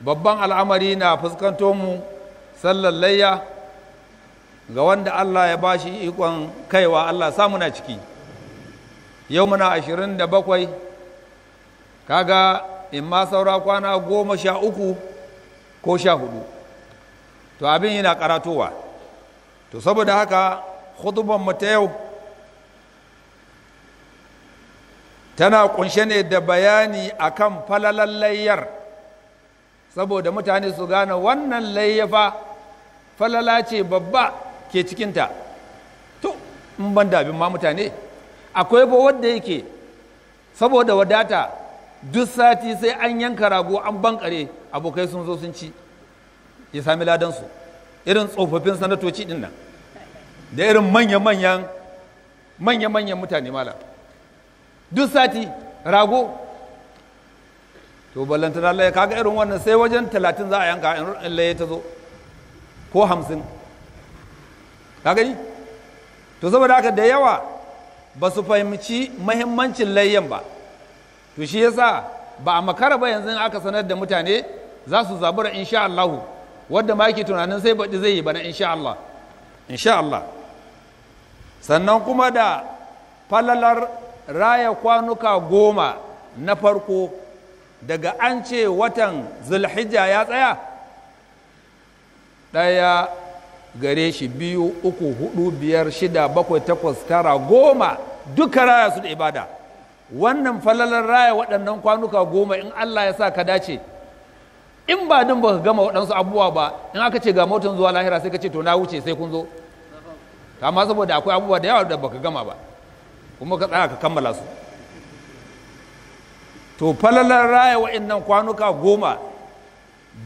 babban al'amari na fuskanto mu sallallayya ga wanda Allah ya bashi ikon kaiwa Allah samu na ciki yau muna ashirin da bakwai kaga in ma saura kwana goma sha uku ko sha hudu to abin yana karatowa to saboda haka mu ta yau tana kunshe ne da bayani akan falalallayyar saboda mutane su gane wannan layyafa falala ce babba ke cikinta to in ban dabin ma mutane akwai ba wadda yake saboda wadata duk sati sai an yanka rago an bankare abokai sun zo sun ci ya sami ladansu irin tsofaffin sanatoci din nan da irin manya-manyan manya-manyan mutane mala duk sati rago to ballantana ya kaga irin wannan sai wajen talatin za a yanka in laye ta zo ko hamsin ka gani to saboda haka da yawa ba su fahimci mahimmancin layyan ba to shi yasa ba a makara ba yanzu aka sanar da mutane za su zabura insha Allah wadda ma ke tunanin sai baɗi zai yi bana insha Allah insha Allah sannan kuma da falalar raya kwanuka goma na farko daga an ce watan zulhijja ya tsaya ɗaya gare shi biyu uku hudu biyar shida bakwai takwas tara goma duka raya su da ibada wannan falalar raya waɗannan kwanuka goma in allah ya sa ka dace in ba din ba gama waɗansu abubuwa ba in aka ce ga motan zuwa lahira sai ka ce to na wuce sai kun zo amma saboda akwai abubuwa da yawa da baka gama ba kuma ka tsaya ka kammala su to falalar raya wa'annan kwanuka goma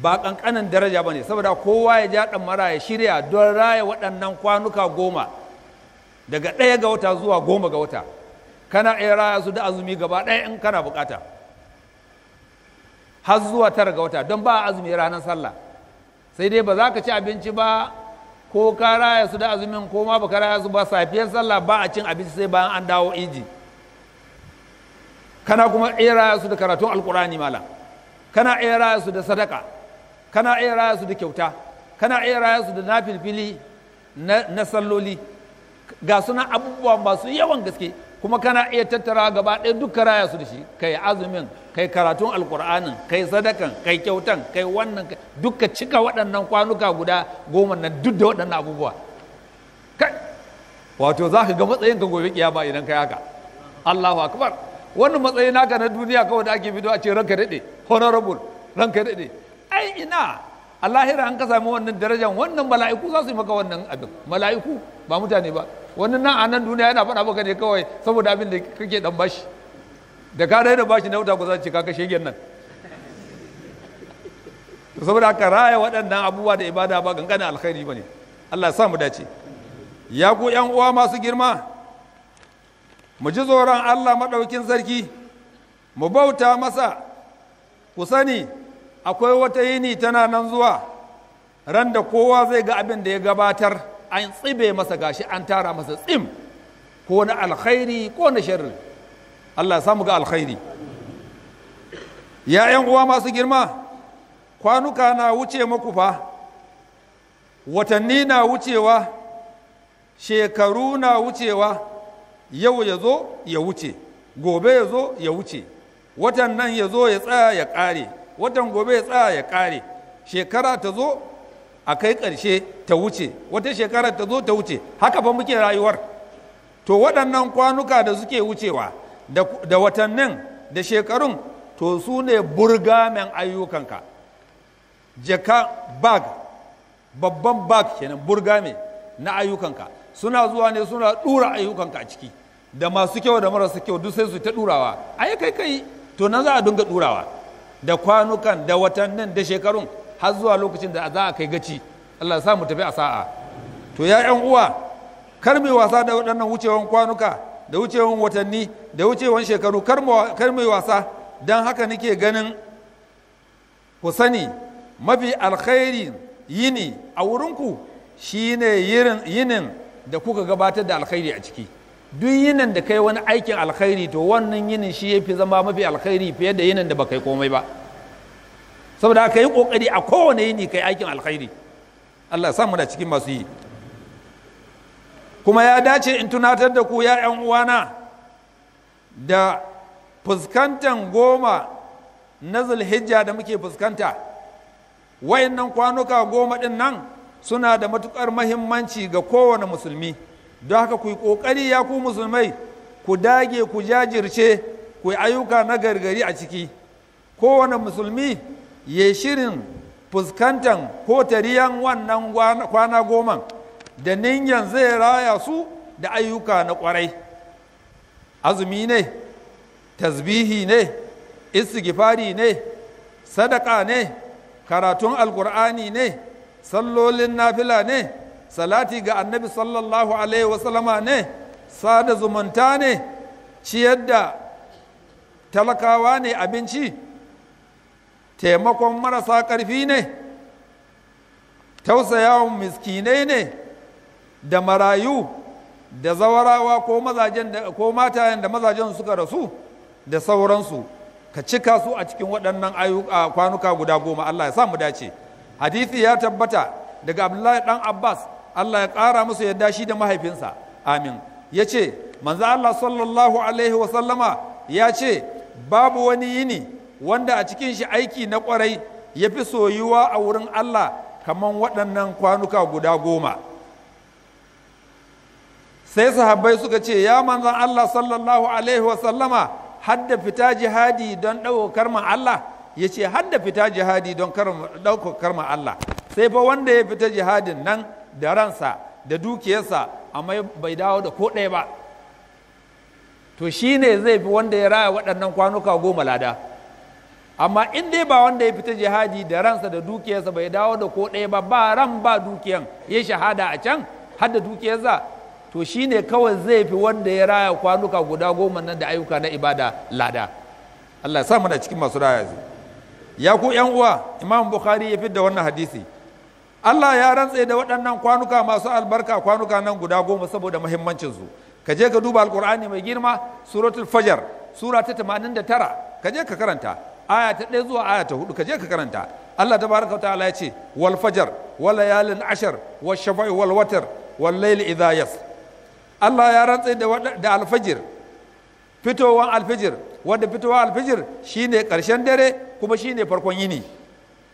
ba ƙanƙanin daraja ba ne saboda kowa ya ja ɗan mara ya shirya don raya waɗannan kwanuka goma daga ɗaya ga wata zuwa goma ga wata kana iya raya su da azumi gaba ɗaya in kana bukata har zuwa tara ga wata don ba azumi ranar sallah sai dai ba za ka ci abinci ba ko ka raya su da azumin ko ma ba ka raya su ba safiyar sallah ba a cin abinci sai bayan an dawo inji kana kuma iya su da karatun alkurani malam kana iya su da sadaka kana iya su da kyauta kana iya su da nafilfili na salloli ga suna abubuwa masu yawan gaske kuma kana iya tattara gaba ɗaya duk raya su da shi kai azumin kai karatun alkur'anin kai sadakan kai kyautan kai wannan duka cika waɗannan kwanuka guda goma nan duk da waɗannan abubuwa kai wato za ka ga matsayin ka gobe kiyama idan kai haka allahu akbar wannan matsayi naka na duniya kawai da ake bido a ce ranka daɗe honorable ranka daɗe ai ina alahira an ka sami wannan darajan wannan mala'iku za su yi maka wannan abin mala'iku ba mutane ba wannan nan a nan duniya yana faɗa maka ne kawai saboda abin da kake dan bashi da ka daina bashi na wuta ku za ce ka kashe nan saboda ka raya waɗannan abubuwa da ibada ba ganganin alkhairi ba ne allah ya sa mu dace ya ku yan uwa masu girma mu ji tsoron Allah maɗaukin sarki mu bauta masa ku sani akwai wata yini tana nan zuwa ran da kowa zai ga abin da ya gabatar an tsibe masa gashi an tara masa tsim ko na alkhairi ko na sharri Allah samu ga alkhairi ya ‘yan uwa masu girma kwanuka na wuce maku fa watanni na wucewa shekaru na wucewa yau ya zo ya wuce gobe ya zo ya wuce watan nan ya zo ya tsaya ya ƙare watan gobe ya tsaya ya ƙare shekara ta zo a kai ƙarshe ta wuce wata shekara ta zo ta wuce haka fa muke rayuwar to waɗannan kwanuka da suke wucewa da watannin da shekarun to su ne burgamen ayyukanka jaka bag babban bag kenan burgame na ayyukanka suna zuwa ne suna dura ayyukanka a ciki da masu kyau da marasa kyau duk sai su ta durawa ai kai kai to nan za a dinga durawa da kwanukan da watannin da shekarun har zuwa lokacin da za a kai gaci Allah ya sa mu tafi a sa'a to ya yan uwa kar mai wasa da waɗannan wucewan kwanuka da wucewan watanni da wucewan shekaru kar mai wasa don haka nake ganin ku sani mafi alkhairi yini a wurinku shine yinin da kuka gabatar da alkhairi a ciki duk yinin da kai wani aikin alkhairi to wannan yinin shi yafi zama mafi alkhairi fiye da yinin da baka yi komai ba saboda ka yi kokari a kowane yini kai aikin alkhairi Allah samu da cikin masu yi kuma ya dace in tunatar da ku ya 'yan uwana da fuskantan goma na zulhijja da muke fuskanta wayannan kwanuka goma din nan suna da matuƙar mahimmanci ga kowane musulmi don haka ku yi ƙoƙari ya ku musulmai ku dage ku jajirce ku yi ayyuka na gargari a ciki kowane musulmi ya shirin fuskantan ko tariyan wannan kwana goma. da ninyan zai raya su da ayyuka na ƙwarai azumi ne tasbihi ne istighfari ne sadaka ne karatun alkur'ani ne sallolin nafila ne salati ga annabi sallallahu alaihi wasallama ne sada zumunta ne ciyar da talakawa ne abinci taimakon marasa ƙarfi ne tausayawan miskinai ne da marayu da zawarawa ko mazajen ko matayen da mazajen suka rasu da sauransu ka cika su a cikin waɗannan kwanuka guda goma Allah ya sa mu dace hadisi ya tabbata daga abdullahi dan abbas allah ya ƙara musu yadda shi da mahaifinsa amin ya ce manzo allah sallallahu alaihi wasallama ya ce babu wani yini wanda a cikin shi aiki na kwarai ya fi soyuwa a wurin allah kamar waɗannan kwanuka guda goma sai sahabbai suka ce ya manzan allah sallallahu alaihi wasallama hadda fita jihadi don ɗaukar ma allah ya ce har da fita jihadi don ɗaukar ma Allah sai fa wanda ya fita jihadin nan da ransa da dukiyarsa amma bai dawo da ko ɗaya ba to shi ne zai fi wanda ya raya waɗannan kwanuka goma lada amma in dai ba wanda ya fita jihadi da ransa da dukiyarsa bai dawo da ko ɗaya ba ba ran ba dukiyan ya shahada a can har da dukiyarsa to shi ne kawai zai fi wanda ya raya kwanuka guda goma nan da ayyuka na ibada lada Allah ya sa mana cikin masu raya zai ya ku yan uwa imam bukhari ya fidda wannan hadisi Allah ya rantse da waɗannan kwanuka masu albarka kwanuka nan guda goma saboda su ka je ka duba alkur'ani mai girma suratul fajar sura ta 89 ka je ka karanta aya ta 1 zuwa aya ta 4 ka je ka karanta Allah tabaraka wa ta'ala ya ce wal fajar wal layalin ashar wash shafa'i wal watar wal layli idha yas Allah ya rantse da da alfajir fitowan alfajir wanda fitowa alfijir shine ƙarshen dare kuma shine farkon yini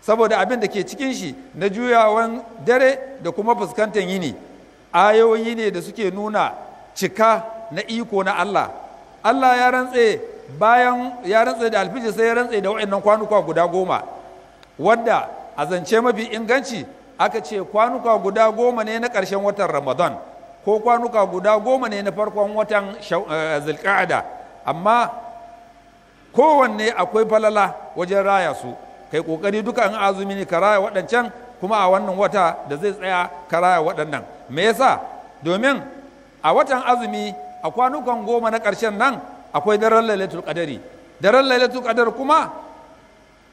saboda abin da ke cikin shi na juyawan dare da kuma fuskantar yini ayoyi ne da suke nuna cika na iko na Allah Allah ya rantse bayan ya rantse da alfijir sai ya rantse da waɗannan kwanuka guda goma wadda a zance mafi inganci aka ce kwanuka guda goma ne na ƙarshen watan ramadan ko kwanuka guda goma ne na farkon watan eh, Zulqa'ada amma kowanne akwai falala wajen raya su kai kokari duka in azumi ne ka raya waɗancan kuma a wannan wata da zai tsaya ka raya waɗannan me yasa domin a watan azumi a kwanukan goma na ƙarshen nan akwai daren lailatul qadari daren lailatul qadar kuma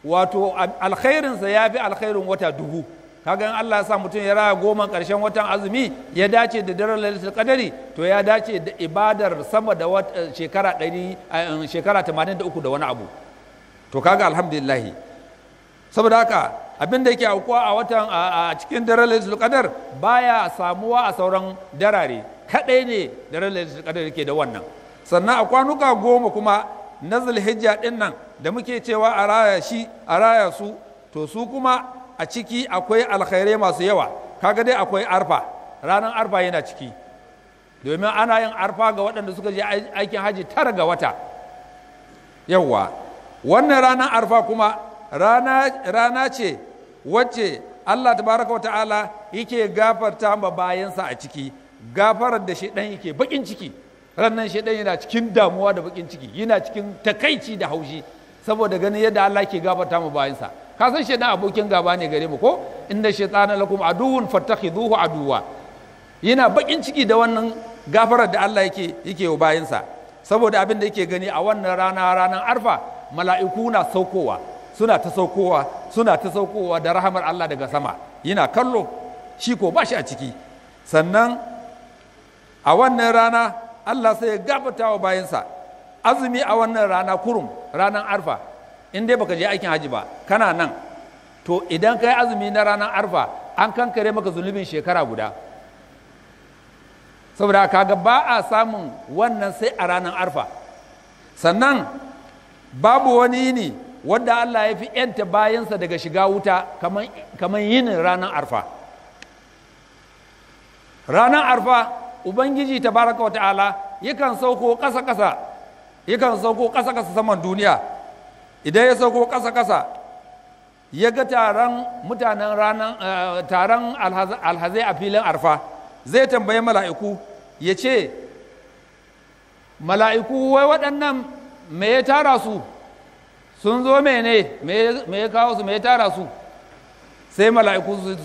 wato alhairinsa ya fi alkhairin wata dubu kaga in Allah ya sa mutum ya raya goma karshen watan azumi ya dace da daren lailatul kadari to ya dace da ibadar sama da eh, shekara ɗari eh, eh, shekara tamanin da uku da wani abu to kaga alhamdulillahi saboda haka abin da yake aukuwa a watan a cikin daren lailatul baya samuwa a sauran darare kadai ne daren lailatul kadar yake da wannan sannan a kwanuka goma kuma na zulhijja din nan da muke cewa a raya shi a raya su to su kuma a ciki akwai alkhairai masu yawa kaga dai akwai arfa ranar arfa yana ciki domin ana yin arfa ga waɗanda suka je aikin haji tara ga wata yawa wannan ranar arfa kuma rana ce wacce allah tabaraka wata'ala yake gafarta ma bayansa a ciki gafarar da shaidan yake bakin ciki rannan shaidan yana cikin damuwa da bakin ciki yana cikin takaici da haushi saboda ganin yadda Allah ke gafarta mu bayansa ka san shaitan abokin gaba ne gare mu ko inna shaytana lakum aduwwun fattakhiduhu aduwa yana bakin ciki da wannan gafarar da Allah yake yake wa bayansa saboda abin da yake gani a wannan rana ranar arfa mala'iku na saukowa suna ta saukowa suna ta saukowa da rahamar Allah daga sama yana kallo shi ko ba a ciki sannan a wannan rana Allah sai ya gafarta wa bayansa azumi a wannan rana kurum ranar arfa in dai baka je aikin haji ba kana nan to idan ka yi azumi na ranar arfa an kankare maka zunubin shekara guda saboda kaga ba a samun wannan sai a ranar arfa sannan babu wani yini wanda allah ya fi yanta bayansa daga shiga wuta kamar yinin ranar arfa ranar arfa ubangiji ta baraka wa yakan sauko ƙasa-ƙasa yakan sauko ƙasa ƙasa saman duniya idan ya sauko ƙasa ƙasa ya ga taron mutanen ranar eh, taron alhazai a filin arfa zai tambayi mala'iku ya ce mala'iku wai waɗannan me ya tara su sun zo mene me ya kawo su me ya tara su sai mala'iku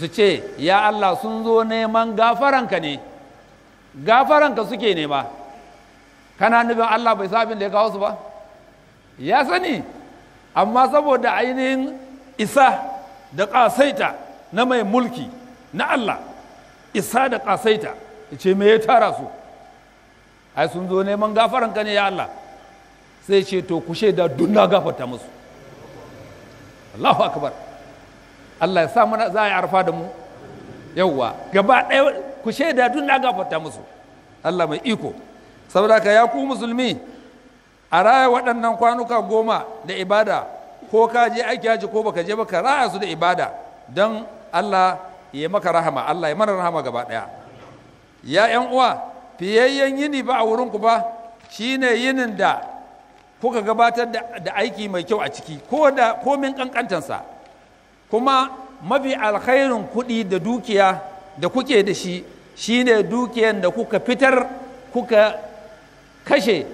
su ce ya Allah sun zo neman gafaranka ne gafaranka suke nema kana nufin Allah bai sabin da ya kawo su ba ya sani amma saboda ainihin isa da ƙasaita na mai mulki na Allah isa da ƙasaita ya ce me ya tara su ai sun zo neman ka ne ya Allah sai ce to ku shaida dunna gafarta musu Allahu akbar Allah ya sa mana za a yi arfa da mu yauwa gaba ɗaya ku shaida dunna gafarta musu Allah mai iko saboda ka ya ku musulmi a raya waɗannan kwanuka goma da ibada ko ka je aiki haji ko baka je baka ka raya su da ibada don Allah ya maka rahama Allah ya mana rahama gaba ɗaya ya yan uwa fiyayyen yini ba a wurinku ba shine yinin da kuka gabatar da aiki mai kyau a ciki ko da komin kankantansa kuma mafi alkhairin kuɗi da dukiya da kuke da shi shine dukiyan da kuka fitar kuka kashe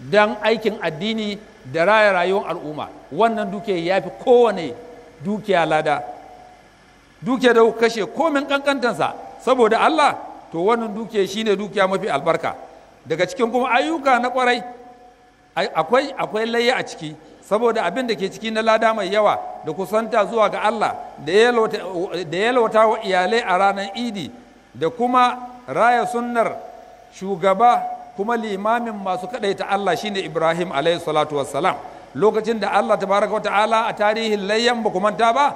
don aikin addini da raya rayuwar al'umma wannan duke ya fi kowane dukiya lada dukiya da kashe komin kankantansa saboda Allah to wannan shi shine dukiya mafi albarka daga cikin kuma ayyuka na kwarai akwai akwai layya a ciki saboda abin da ke ciki na lada mai yawa da kusanta zuwa ga Allah da lauta wa iyalai a ranar idi da kuma raya sunnar shugaba kuma limamin masu ta Allah shine Ibrahim alaihi salatu wassalam lokacin da Allah tabaraka wa ta'ala a tarihin layyan ba manta ba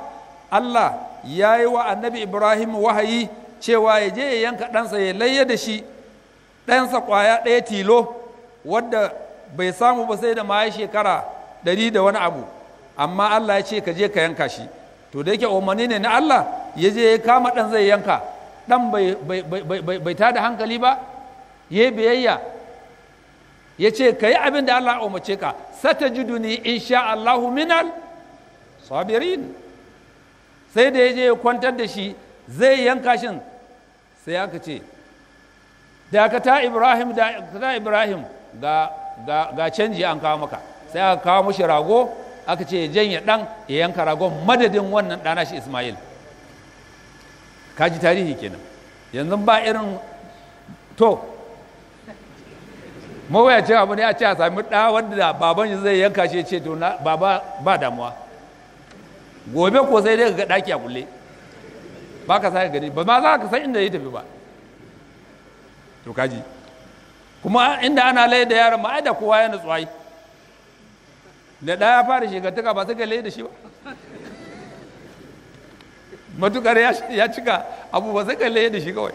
Allah ya yi wa annabi Ibrahim wahayi cewa ya je ya yanka ɗansa ya layya da shi ɗansa ƙwaya ɗaya tilo wadda bai samu ba sai da ma shekara ɗari da wani abu amma Allah ya ce ka je ka yanka shi to da yake umarni ne na Allah ya je ya kama ɗan zai yanka ɗan bai tada hankali ba ya biyayya ya ce ka yi abin da Allah umarce ka sata juduni insha Allahu minal sabirin sai da ya je ya kwantar da shi zai yanka shin sai aka ce dakata ibrahim ibrahim ga ga ga canji an kawo maka sai aka kawo mashi rago aka ce ya janye dan ya yanka ragon madadin wannan dana shi ismail kaji tarihi kenan yanzu ba irin to mawuyacin abu ne a ce a sami ɗa wanda baban shi zai yanka shi ce to baba ba damuwa gobe ko sai dai ga ɗaki a kulle ba ka sa gani ba ma za ka san inda ya tafi ba to kaji kuma inda ana lai da yaran ma ai da kowa yana tsuwai da ɗaya ya fara shigantuka ba ga lai da shi ba matukar ya cika abu ba ga lai da shi kawai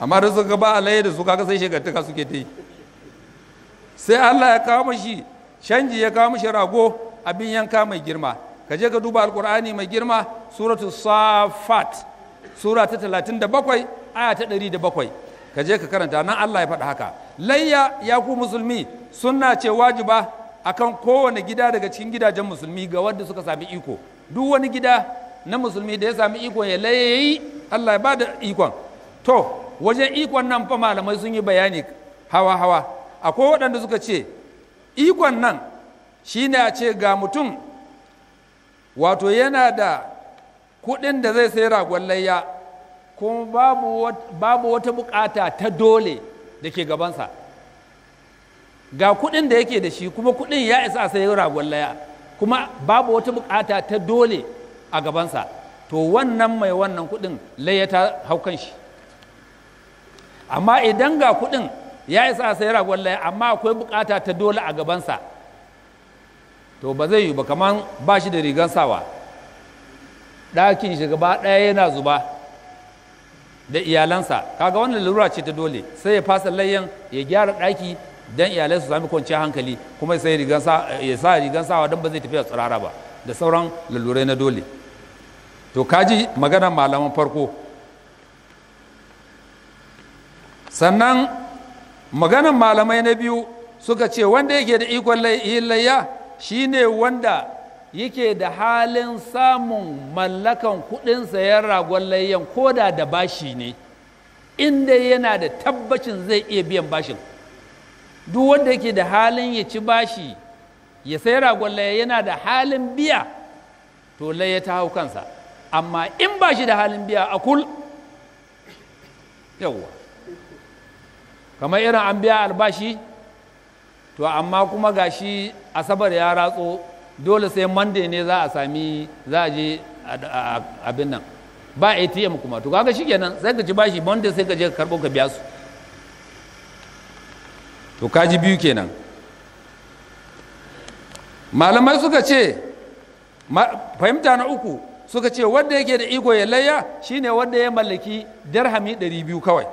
amma da suka ba alayya da su kaga sai shekartuka suke ta sai Allah ya kawo mashi canji ya kawo mashi rago abin yanka mai girma ka je ka duba alkur'ani mai girma suratu safat sura ta 37 aya ta 107 ka je ka karanta nan Allah ya faɗa haka layya ya ku musulmi sunna ce wajiba akan kowane gida daga cikin gidajen musulmi ga wanda suka sami iko duk wani gida na musulmi da ya sami iko ya layayi Allah ya ba da ikon to wajen ikon nan fa malamai sun yi bayani hawa hawa akwai waɗanda suka ce ikon nan shi ne a ce ga mutum wato yana da kuɗin da zai sai ragon layya kuma babu wata bukata ta dole da ke gabansa ga kuɗin da yake da shi kuma kuɗin ya isa a sai ragon laya kuma babu wata bukata ta dole a gabansa to wannan mai wannan kuɗin layya ta haukan shi amma idan ga kuɗin ya isa sai ragon laya amma akwai bukata ta dole a gabansa to ba zai yi ba kaman ba shi da rigan sawa ɗakin shi gaba ɗaya yana zuba da iyalansa kaga wannan lura ce ta dole sai ya fasa layyan ya gyara ɗaki don iyalai su sami kwanciyar hankali kuma sai ya sa rigan sawa don ba zai tafiya tsirara ba da sauran lalurai na dole to kaji maganar malaman farko sannan maganan malamai na biyu suka ce wanda yake da ikon layya shi shine wanda yake da halin samun mallakan kudin sayan ragon layyan koda da bashi ne inda yana da tabbacin zai iya biyan bashin duk wanda yake da halin ya ci bashi ya sai ragon layya yana da halin biya to layya ta hau kansa amma in bashi da halin biya a kul yawwa kamar irin an biya albashi to amma kuma gashi asabar ya ratso dole sai monday ne za a sami za a je abin nan ba atm kuma to kaga shikenan sai ka ci bashi monday sai ka je ka karbo ka biya su to kaji biyu kenan malamai suka ce fahimta na uku suka ce wanda yake da iko ya layya shine wanda ya mallaki dirhami 200 kawai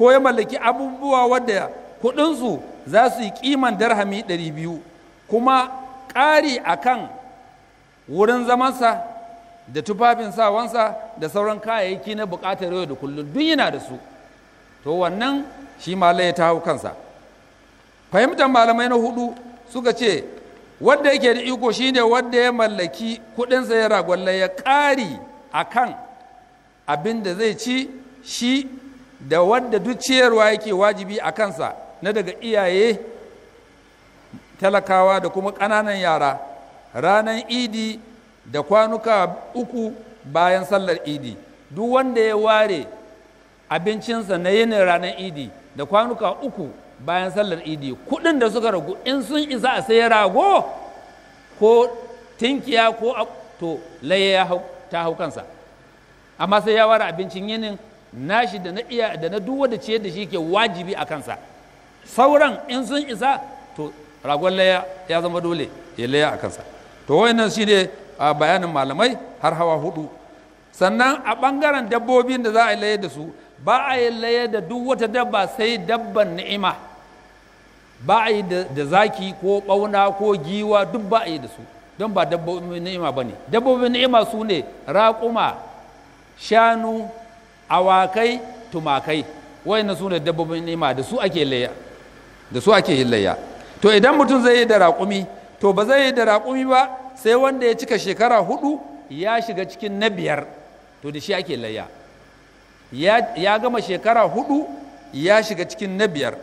ko ya mallaki abubuwa wadda kudinsu za su yi kiman darhami ɗari biyu kuma ƙari a kan wurin zamansa da tufafin sawansa da sauran kayayyaki na buƙatar yau da kullum duk yana da su to wannan shi malai ya taho kansa fahimtar malamai na hudu suka ce wadda yake da iko shine wadda ya mallaki kudinsa ya ragwalle ya ƙari a kan abin da zai ci shi da wadda duk ciyarwa yake wajibi a kansa na daga iyaye talakawa da kuma ƙananan yara ranar idi da kwanuka uku bayan sallar idi duk wanda ya ware abincinsa na yinin ranar idi da kwanuka uku bayan sallar idi kuɗin da suka ragu in sun isa a sai rago ko tinkiya ko to laye ta hau kansa amma sai ya ware abincin yinin nashi da na iya da na duwa da ciyar da shi ke wajibi a kansa sauran in sun isa to ragon laya ya zama dole ya laya a kansa to wayannan shine a bayanin malamai har hawa hudu sannan a bangaren dabbobin da za a laye da su ba a yi layar da duk wata dabba sai dabban ni'ima ba a yi da zaki ko bauna ko giwa duk ba a yi da su don ba dabbobin ni'ima ba ne dabbobin ni'ima su ne raƙuma shanu awakai tumakai wayannan sune dabbobin nima da su ake layya da su ake layya to idan mutum zai yi da raƙumi to ba zai yi da raƙumi ba sai wanda ya cika shekara hudu ya shiga cikin na biyar to da shi ake layya ya gama shekara hudu ya shiga cikin na biyar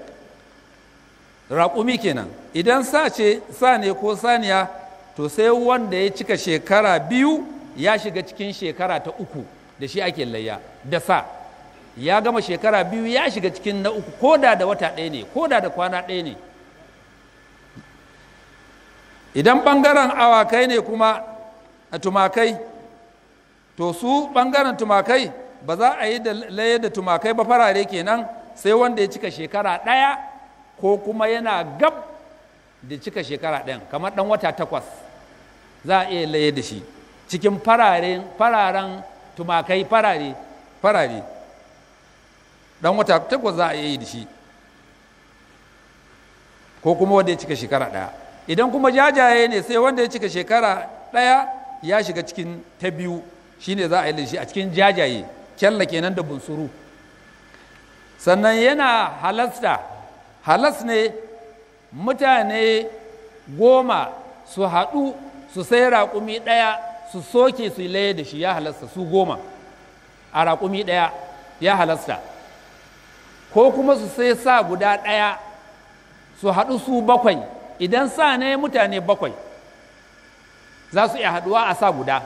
raƙumi kenan idan sa ce sa ne ko saniya to sai wanda ya cika shekara biyu ya shiga cikin shekara ta uku da shi ake layya da sa ya gama shekara biyu ya shiga cikin na uku ko da da wata ɗaya ne ko da da kwana ɗaya ne idan ɓangaren awakai ne kuma a tumakai to su ɓangaren tumakai ba za a yi da laye da tumakai ba farare kenan sai wanda ya cika shekara ɗaya ko kuma yana gab da cika shekara ɗayan kamar ɗan wata takwas za a iya laye da shi cikin fararen tumakai farare farare dan wata takwas za a yi da shi ko kuma wanda ya cika shekara ɗaya idan kuma jajaye ne sai wanda ya cika shekara ɗaya ya shiga cikin ta biyu shine za a yi da shi a cikin jajaye kyalla kenan da bunsuru sannan yana halasta halas ne mutane goma su haɗu su sai raƙumi ɗaya su soke su laye da shi ya halasta su goma a raƙumi ɗaya ya halasta ko kuma su sai sa guda ɗaya su haɗu su bakwai idan sa ne mutane bakwai za su iya haɗuwa a sa guda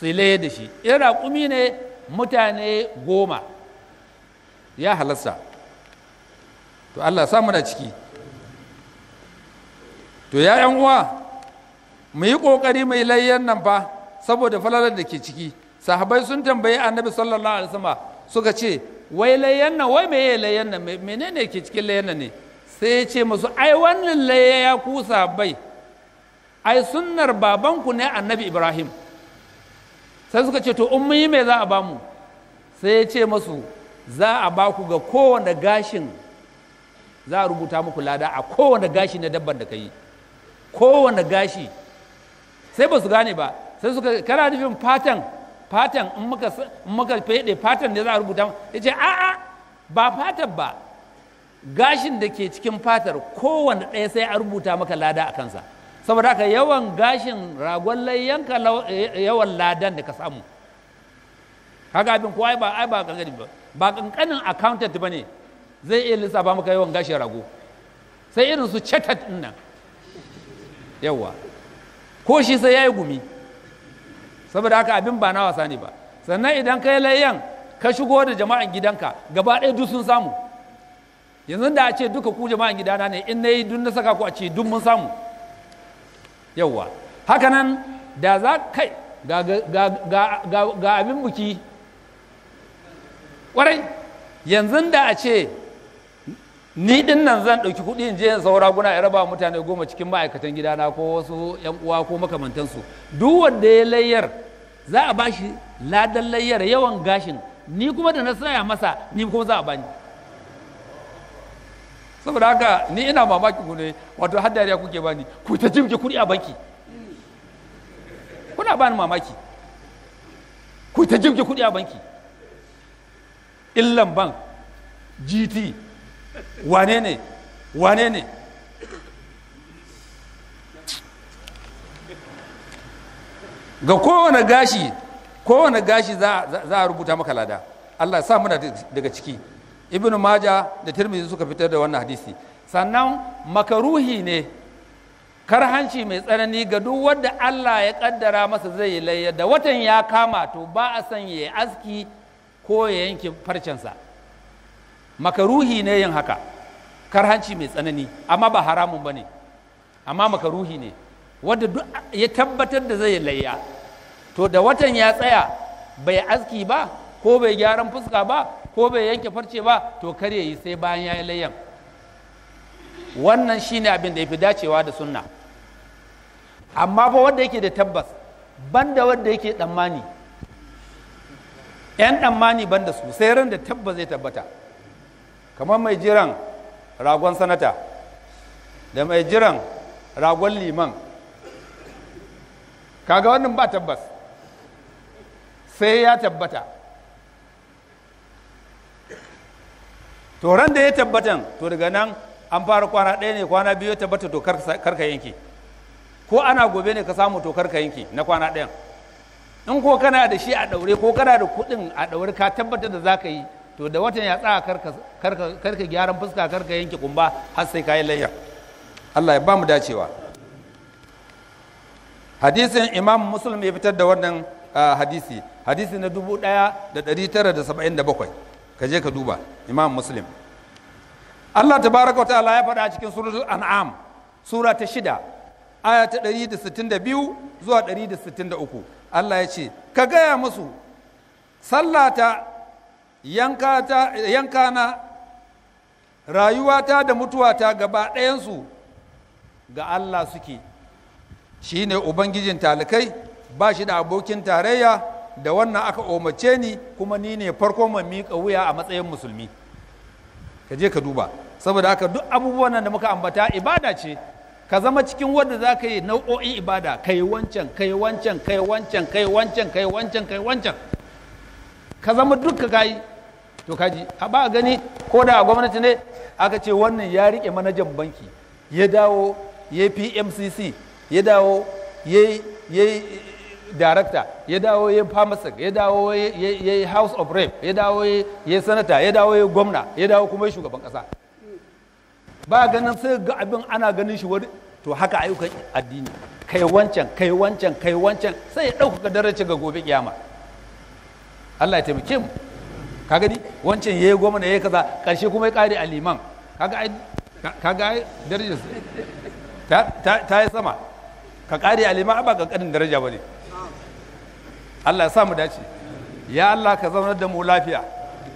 su laye da shi in raƙumi ne mutane goma ya halasta to allah samu da ciki to ya uwa mu yi ƙoƙari mai layyan nan fa saboda falalar da ke ciki sahabai sun tambayi annabi sallallahu alaihi wasallam suka ce wai nan wai meye nan menene ke cikin nan ne sai ya ce musu ai wannan layya ya ku sahabai ai sunnar babanku ne annabi ibrahim sai suka ce to in mun yi me za a bamu sai ya ce musu za a ba ku ga kowane gashin za a rubuta muku lada a kowane gashi na dabban da ka yi kowane gashi sai ba su gane ba sai suka kana nufin fatan fatan in muka muka fede fatan da za a rubuta ya ce a'a ba fatan ba gashin da ke cikin fatar kowanne ɗaya sai a rubuta maka lada a kansa saboda haka yawan gashin ragon layyanka eh, yawan ladan da ka samu kaga abin kowa ba ai ba ba ba kankanin accountant ba ne zai iya lissafa maka yawan gashin rago sai irin su chatat nan yawa ko shi sai yayi gumi saboda haka abin ba na wasa ne ba sannan idan ka yi layyan ka shigo da jama'an gidanka gaba ɗaya duk sun samu yanzu da a ce duka ku jama'an gidana ne in na yi duk na saka ku a ce duk mun samu yawwa haka da za kai ga abin buki kwarai yanzu da a ce ni din nan zan ɗauki kuɗi in je saura guna ya raba mutane goma cikin ma'aikatan gidana ko wasu 'yan uwa ko makamantansu duk wanda ya layyar za a bashi ladan layyar yawan gashin ni kuma da na saya masa ni kuma za a bani saboda haka ni ina mamaki ku ne wato har dariya kuke bani ku ta jimke kuɗi a banki kuna bani mamaki ku ta jimke kuɗi a banki illan bank gt wane ne wane ne ga kowane gashi kowane gashi za a rubuta maka lada Allah sa muna daga ciki ibn maja da tirmidhi suka fitar da wannan hadisi sannan makaruhi ne karhanci mai tsanani ga duk wanda Allah ya kaddara masa zai yi layya da watan ya kama to ba a san ya aski ko ya yanke farcensa makaruhi ne yin haka karhanci mai tsanani amma ba haramun bane ne amma makaruhi ne wanda duk ya tabbatar da zai layya to da watan ya tsaya bai aski ba ko bai gyaran fuska ba ko bai yanke farce ba to kar ya yi sai bayan ya yi layyan wannan shine abin da ya fi dacewa da sunna amma fa wanda yake da tabbas banda wanda yake tsammani yan tsammani banda su sai ran da tabbas zai tabbata kamar mai jiran ragon sanata da mai jiran ragon liman kaga wannan ba tabbas sai ya tabbata to ran da ya tabbatan to daga nan an fara kwana ɗaya ne kwana biyu ya tabbata to karka yanki ko ana gobe ne ka samu to karka yanki na kwana ɗayan in ko kana da shi a ɗaure ko kana da kuɗin a ɗaure ka tabbatar da za ka yi to da watan ya tsaya karka gyaran fuska karka yanki kumba har sai kayan layya Allah ya ba mu dacewa hadisin imam muslim ya fitar da wannan hadisi hadisi na dubu da da tara saba'in bakwai. ka je ka duba imam muslim Allah baraka wa ta'ala ya faɗa a cikin suratul an'am sura ta shida aya ta da da sittin biyu zuwa da da sittin uku. Allah ya ce ka gaya musu sallata yanka na, rayuwata da mutuwata gaba ɗayansu ga Allah suke shi ne ubangijin talikai ba shi da abokin tarayya da wannan aka umarce ni kuma ni ne farko mami miƙa wuya a matsayin musulmi ka je ka duba saboda haka duk abubuwan nan da muka ambata ibada ce ka zama cikin wanda za ka yi nau'o'in ibada ka yi wancan ka yi wancan ka yi wancan ka yi wancan ka yi wancan ka yi wancan ka zama ka yi to kaji a ba gani ko da a gwamnati ne aka ce wannan ya rike manajan banki ya dawo ya pmcc ya dawo ya yi darakta ya dawo ya yi ya dawo ya yi house of rape ya dawo ya yi sanata ya dawo ya yi gwamna ya dawo kuma ya shugaban kasa ba ganin sai ga abin ana ganin shi wani to haka ayyukan addini kai wancan kai wancan kai wancan sai ya ɗaukaka daraja ga gobe kiyama Allah ya taimake mu ka gani wancan yayi gwamna yayi kaza ƙarshe kuma ya ƙari a liman ka ga ai darajar ta yi sama ka ƙari alima ba ƙanƙanin daraja ba ne allah ya sa dace ya allah ka zaunar da mu lafiya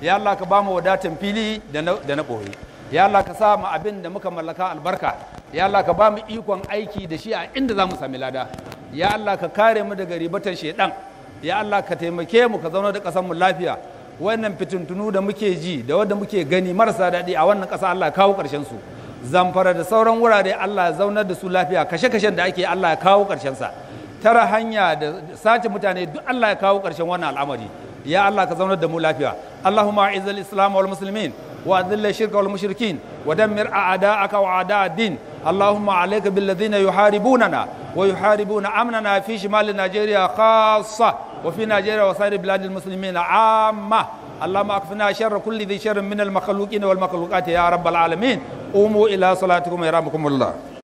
ya allah ka ba mu wadatan fili da na ɓoye ya allah ka samu abin da muka mallaka albarka ya allah ka ba mu ikon aiki da shi a inda za mu sami lada ya allah ka kare mu daga ribatan shaidan ya allah ka taimake mu ka zauna da ƙasar mu lafiya wannan fitintunu da muke ji da wanda muke gani marasa daɗi a wannan ƙasa allah kawo ƙarshen su zamfara da sauran wurare Allah ya zaunar da su lafiya kashe-kashen da ake Allah ya kawo sa tara hanya da sace mutane duk Allah ya kawo ƙarshen wannan al'amari ya Allah ka zaunar da mu lafiya Allahumma izal islam wal muslimin wa adhill shirka wal mushrikin wa dammir a'da'aka wa wa'ada ad-din Allahumma alayka bil ladhina yuharibunana wa yuharibuna amnana fi shimal Najeriya khassa wa fi Najeriya wa sa'ir bilad al-muslimin amma اللهم اكفنا شر كل ذي شر من المخلوقين والمخلوقات يا رب العالمين قوموا الى صلاتكم يرحمكم الله